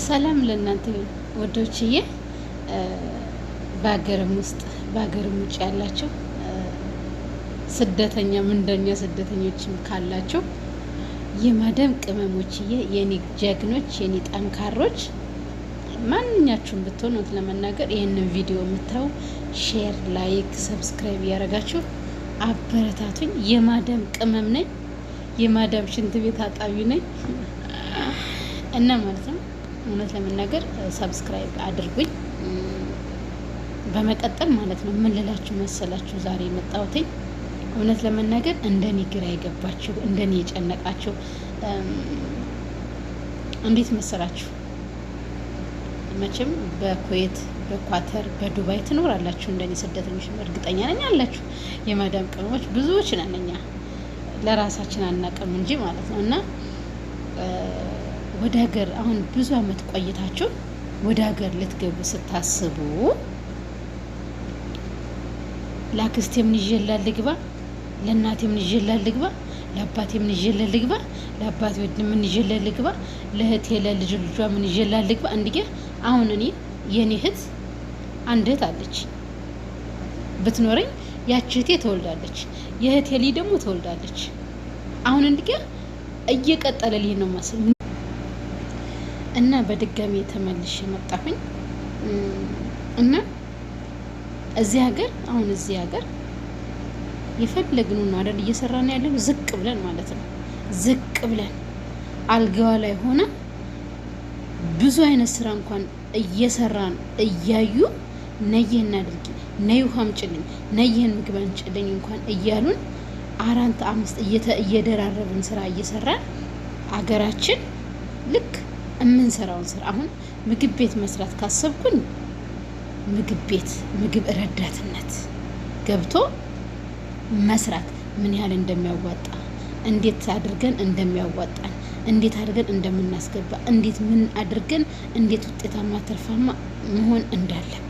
ሰላም ለእናንተ ወዶችዬ፣ በሀገርም ውስጥ በሀገርም ውጭ ያላቸው ስደተኛ ምንደኛ ስደተኞችም ካላቸው የማደም ቅመሞችዬ፣ የኔ ጀግኖች፣ የኔ ጠንካሮች ማንኛችሁም ብትሆን እውነት ለመናገር ይህንን ቪዲዮ የምታዩ ሼር፣ ላይክ፣ ሰብስክራይብ እያደረጋችሁ አበረታቱኝ። የማደም ቅመም ነኝ፣ የማዳም ሽንት ቤት አጣቢ ነኝ እና ማለት ነው እውነት ለመናገር ሰብስክራይብ አድርጉኝ። በመቀጠል ማለት ነው ምን ልላችሁ መሰላችሁ ዛሬ የመጣሁትኝ እውነት ለመናገር እንደኔ ግራ የገባችሁ እንደኔ የጨነቃችሁ እንዴት መሰላችሁ መቼም በኩዌት በኳተር በዱባይ ትኖራላችሁ እንደኔ ስደተኞች እርግጠኛ ነኝ አላችሁ የማዳም ቅመሞች ብዙዎች ነን እኛ ለራሳችን አናቅም እንጂ ማለት ነው እና ወደ ሀገር አሁን ብዙ አመት ቆይታችሁ ወደ ሀገር ልትገቡ ስታስቡ ለአክስቴ ምን ይዤላት ልግባ፣ ለእናቴ ምን ይዤላት ልግባ፣ ለአባቴ ምን ልግባ፣ ለአባቴ ወድ ምን ይዤላት ልግባ፣ ለእህቴ ለልጅ ልጇ ምን ይዤላት ልግባ። አንድ አሁን እኔ የኔ እህት አንድ እህት አለች ብትኖረኝ ያቺ እህቴ ተወልዳለች፣ የእህቴ ልጅ ደግሞ ተወልዳለች። አሁን እንድ እየቀጠለ ልሄድ ነው እና በድጋሚ ተመልሼ መጣሁኝ እና እዚህ ሀገር አሁን እዚህ ሀገር የፈለግነውን አይደል እየሰራን ያለው ዝቅ ብለን ማለት ነው። ዝቅ ብለን አልጋዋ ላይ ሆነ ብዙ አይነት ስራ እንኳን እየሰራን እያዩ ነይህን አድርጊ፣ ነይ ውሃ አምጪልኝ፣ ነይህን ምግብ አምጪልኝ እንኳን እያሉን አራት አምስት እየደራረብን ስራ እየሰራን አገራችን ልክ የምንሰራውን ስራ አሁን ምግብ ቤት መስራት ካሰብኩኝ ምግብ ቤት ምግብ ረዳትነት ገብቶ መስራት ምን ያህል እንደሚያዋጣ እንዴት አድርገን እንደሚያዋጣን እንዴት አድርገን እንደምናስገባ እንዴት ምን አድርገን እንዴት ውጤታማ ትርፋማ መሆን እንዳለብን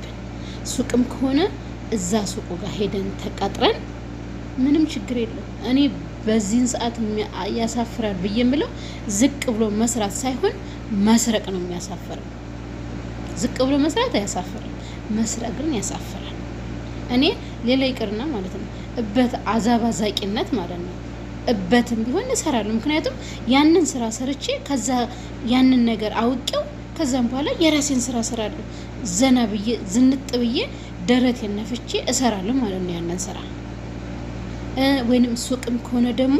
ሱቅም ከሆነ እዛ ሱቁ ጋር ሄደን ተቀጥረን ምንም ችግር የለም እኔ በዚህን ሰዓት ያሳፍራል ብዬ የምለው ዝቅ ብሎ መስራት ሳይሆን መስረቅ ነው የሚያሳፍረው። ዝቅ ብሎ መስራት አያሳፍርም፣ መስረቅ ግን ያሳፍራል። እኔ ሌላ ይቅርና ማለት ነው እበት አዛባዛቂነት ማለት ነው እበትም ቢሆን እሰራለሁ። ምክንያቱም ያንን ስራ ሰርቼ ከዛ ያንን ነገር አውቄው ከዛም በኋላ የራሴን ስራ እሰራለሁ። ዘና ብዬ ዝንጥ ብዬ ደረቴን ነፍቼ እሰራለሁ ማለት ነው ያንን ስራ ወይንም ሱቅም ከሆነ ደግሞ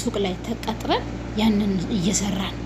ሱቅ ላይ ተቀጥረን ያንን እየሰራን